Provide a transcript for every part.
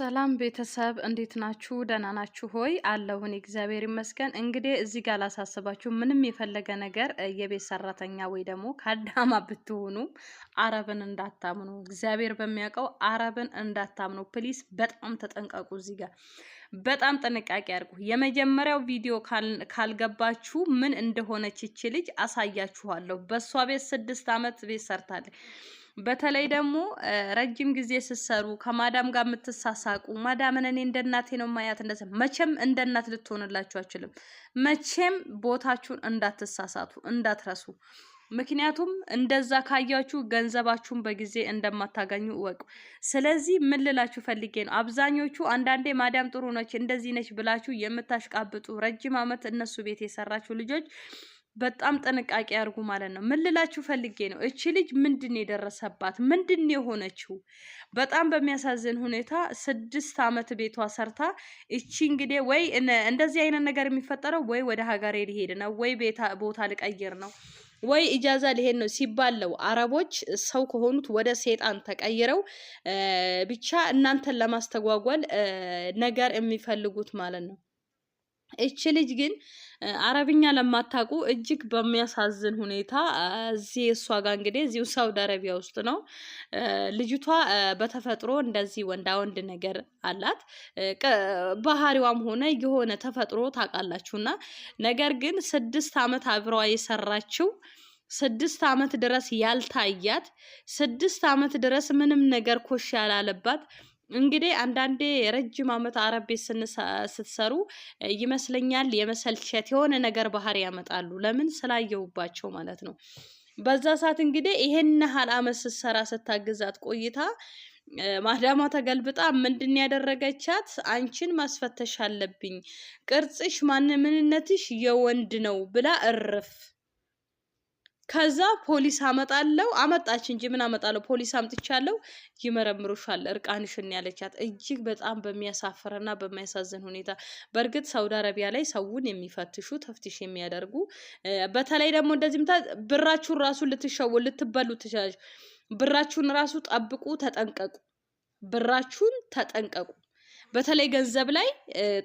ሰላም ቤተሰብ እንዴት ናችሁ? ደህና ናችሁ ሆይ? አለሁን እግዚአብሔር ይመስገን። እንግዲህ እዚህ ጋር ላሳስባችሁ፣ ምንም የፈለገ ነገር የቤት ሰራተኛ ወይ ደግሞ ከአዳማ ብትሆኑ አረብን እንዳታምኑ፣ እግዚአብሔር በሚያውቀው አረብን እንዳታምኑ። ፕሊስ በጣም ተጠንቀቁ። እዚህ ጋር በጣም ጥንቃቄ አድርጉ። የመጀመሪያው ቪዲዮ ካልገባችሁ ምን እንደሆነች ይቺ ልጅ አሳያችኋለሁ። በእሷ ቤት ስድስት ዓመት ቤት ሰርታለች። በተለይ ደግሞ ረጅም ጊዜ ስትሰሩ ከማዳም ጋር የምትሳሳቁ ማዳምን እኔ እንደ እናቴ ነው ማያት እንደ መቼም እንደ እናት ልትሆንላችሁ አችልም። መቼም ቦታችሁን እንዳትሳሳቱ እንዳትረሱ። ምክንያቱም እንደዛ ካያችሁ ገንዘባችሁን በጊዜ እንደማታገኙ እወቁ። ስለዚህ ምን ልላችሁ ፈልጌ ነው፣ አብዛኞቹ አንዳንዴ ማዳም ጥሩ ነች እንደዚህ ነች ብላችሁ የምታሽቃብጡ ረጅም ዓመት እነሱ ቤት የሰራችሁ ልጆች በጣም ጥንቃቄ አድርጉ ማለት ነው። ምን ልላችሁ ፈልጌ ነው፣ እቺ ልጅ ምንድን የደረሰባት ምንድን የሆነችው? በጣም በሚያሳዝን ሁኔታ ስድስት አመት ቤቷ ሰርታ እቺ እንግዲህ ወይ እንደዚህ አይነት ነገር የሚፈጠረው ወይ ወደ ሀገሬ ሊሄድ ነው ወይ ቦታ ልቀይር ነው ወይ ኢጃዛ ሊሄድ ነው ሲባለው አረቦች ሰው ከሆኑት ወደ ሴጣን ተቀይረው ብቻ እናንተን ለማስተጓጓል ነገር የሚፈልጉት ማለት ነው። እች ልጅ ግን አረብኛ ለማታውቁ እጅግ በሚያሳዝን ሁኔታ እዚህ እሷ ጋር እንግዲህ እዚሁ ሳውዲ አረቢያ ውስጥ ነው ልጅቷ በተፈጥሮ እንደዚህ ወንዳ ወንድ ነገር አላት። ባህሪዋም ሆነ የሆነ ተፈጥሮ ታውቃላችሁና ነገር ግን ስድስት ዓመት አብረዋ የሰራችው ስድስት ዓመት ድረስ ያልታያት ስድስት ዓመት ድረስ ምንም ነገር ኮሽ ያላለባት እንግዲህ አንዳንዴ ረጅም ዓመት አረብ ቤት ስትሰሩ ይመስለኛል የመሰልቸት የሆነ ነገር ባህሪ ያመጣሉ። ለምን ስላየውባቸው ማለት ነው። በዛ ሰዓት እንግዲህ ይሄን ያህል ዓመት ስትሰራ ስታግዛት ቆይታ ማዳማ ተገልብጣ ምንድን ያደረገቻት? አንቺን ማስፈተሽ አለብኝ፣ ቅርጽሽ፣ ማን የወንድ ነው ብላ እርፍ ከዛ ፖሊስ አመጣለው አመጣች እንጂ ምን አመጣለው ፖሊስ አምጥቻለው ይመረምሩሻል እርቃንሽን ያለቻት እጅግ በጣም በሚያሳፍርና በሚያሳዝን ሁኔታ በእርግጥ ሳውዲ አረቢያ ላይ ሰውን የሚፈትሹ ተፍትሽ የሚያደርጉ በተለይ ደግሞ እንደዚህ ብራችሁን ራሱ ልትሸው ልትበሉ ትችላለች ብራችሁን ራሱ ጠብቁ ተጠንቀቁ ብራችሁን ተጠንቀቁ በተለይ ገንዘብ ላይ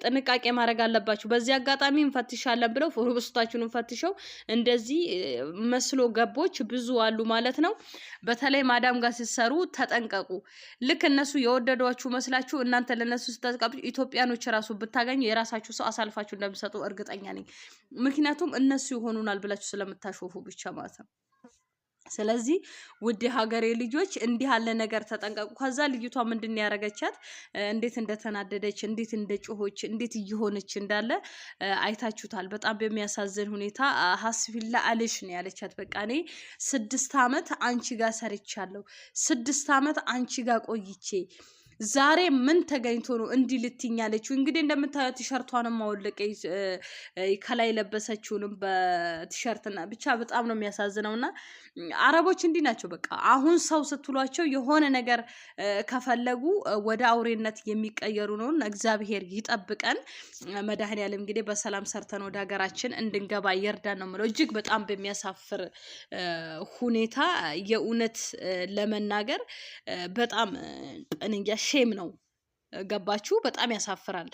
ጥንቃቄ ማድረግ አለባችሁ። በዚህ አጋጣሚ እንፈትሻለን ብለው ፎርብስታችሁን እንፈትሸው እንደዚህ መስሎ ገቦች ብዙ አሉ ማለት ነው። በተለይ ማዳም ጋር ሲሰሩ ተጠንቀቁ። ልክ እነሱ የወደዷችሁ መስላችሁ እናንተ ለእነሱ ስትጠቃ ኢትዮጵያኖች ራሱ ብታገኙ የራሳችሁ ሰው አሳልፋችሁ እንደምሰጡ እርግጠኛ ነኝ። ምክንያቱም እነሱ ይሆኑናል ብላችሁ ስለምታሾፉ ብቻ ማለት ነው። ስለዚህ ውድ ሀገሬ ልጆች እንዲህ ያለ ነገር ተጠንቀቁ። ከዛ ልጅቷ ምንድን ያደረገቻት እንዴት እንደተናደደች እንዴት እንደ እንዴት እየሆነች እንዳለ አይታችሁታል። በጣም በሚያሳዝን ሁኔታ ሀስፊላ አልሽ ነው ያለቻት። በቃ እኔ ስድስት ዓመት አንቺ ጋር ሰርቻለሁ፣ ስድስት ዓመት አንቺ ጋር ቆይቼ ዛሬ ምን ተገኝቶ ነው እንዲህ ልትኛለች? እንግዲህ እንደምታየው ቲሸርቷንም አወለቀ ከላይ ለበሰችውንም በቲሸርትና ብቻ በጣም ነው የሚያሳዝነው። እና አረቦች እንዲህ ናቸው። በቃ አሁን ሰው ስትሏቸው የሆነ ነገር ከፈለጉ ወደ አውሬነት የሚቀየሩ ነውን። እግዚአብሔር ይጠብቀን። መድኃኔዓለም እንግዲህ በሰላም ሰርተን ወደ ሀገራችን እንድንገባ ይርዳን ነው የምለው። እጅግ በጣም በሚያሳፍር ሁኔታ የእውነት ለመናገር በጣም እኔ ሼም ነው። ገባችሁ? በጣም ያሳፍራል።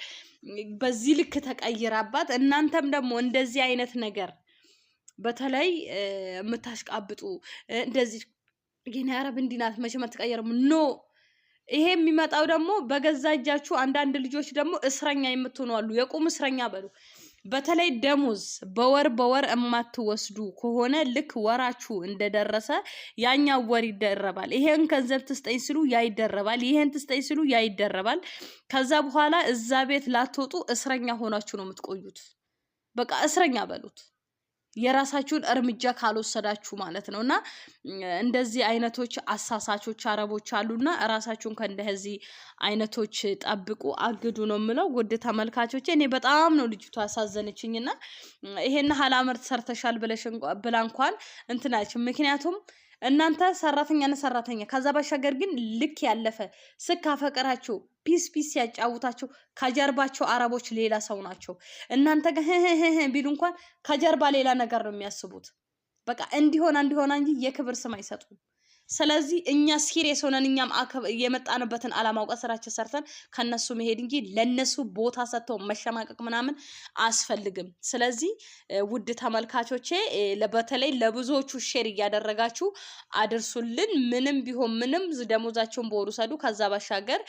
በዚህ ልክ ተቀይራባት። እናንተም ደግሞ እንደዚህ አይነት ነገር በተለይ የምታሽቃብጡ እንደዚህ ጌና ያረብ እንዲናት መቼም አትቀየርም ኖ ይሄ የሚመጣው ደግሞ በገዛ እጃችሁ አንዳንድ ልጆች ደግሞ እስረኛ የምትሆኑ አሉ። የቁም እስረኛ በሉ። በተለይ ደሞዝ በወር በወር የማትወስዱ ከሆነ ልክ ወራችሁ እንደደረሰ ያኛው ወር ይደረባል። ይሄን ገንዘብ ትስጠኝ ስሉ ያ ይደረባል። ይሄን ትስጠኝ ስሉ ያ ይደረባል። ከዛ በኋላ እዛ ቤት ላትወጡ እስረኛ ሆናችሁ ነው የምትቆዩት። በቃ እስረኛ በሉት። የራሳችሁን እርምጃ ካልወሰዳችሁ ማለት ነው። እና እንደዚህ አይነቶች አሳሳቾች አረቦች አሉና ራሳችሁን ከእንደዚህ አይነቶች ጠብቁ፣ አግዱ ነው የምለው። ውድ ተመልካቾች እኔ በጣም ነው ልጅቱ ያሳዘነችኝና ይሄን ሀላምርት ሰርተሻል ብላ እንኳን እንትናችን ምክንያቱም እናንተ ሰራተኛና ሰራተኛ ከዛ ባሻገር ግን ልክ ያለፈ ስካ ፈቀራችሁ ፒስ ፒስ ያጫውታችሁ ከጀርባቸው አረቦች ሌላ ሰው ናቸው። እናንተ ጋር ቢሉ እንኳን ከጀርባ ሌላ ነገር ነው የሚያስቡት። በቃ እንዲሆና እንዲሆና እንጂ የክብር ስም አይሰጡም። ስለዚህ እኛ ሲሪየስ ሆነን እኛም የመጣንበትን አላማ አውቀን ስራችን ሰርተን ከነሱ መሄድ እንጂ ለነሱ ቦታ ሰጥተው መሸማቀቅ ምናምን አስፈልግም ስለዚህ ውድ ተመልካቾቼ በተለይ ለብዙዎቹ ሼር እያደረጋችሁ አድርሱልን። ምንም ቢሆን ምንም ደሞዛቸውን በወሩ ሰዱ። ከዛ ባሻገር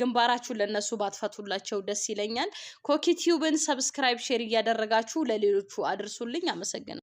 ግንባራችሁን ለነሱ ባትፈቱላቸው ደስ ይለኛል። ኮኪቲዩብን ሰብስክራይብ፣ ሼር እያደረጋችሁ ለሌሎቹ አድርሱልኝ። አመሰግናል።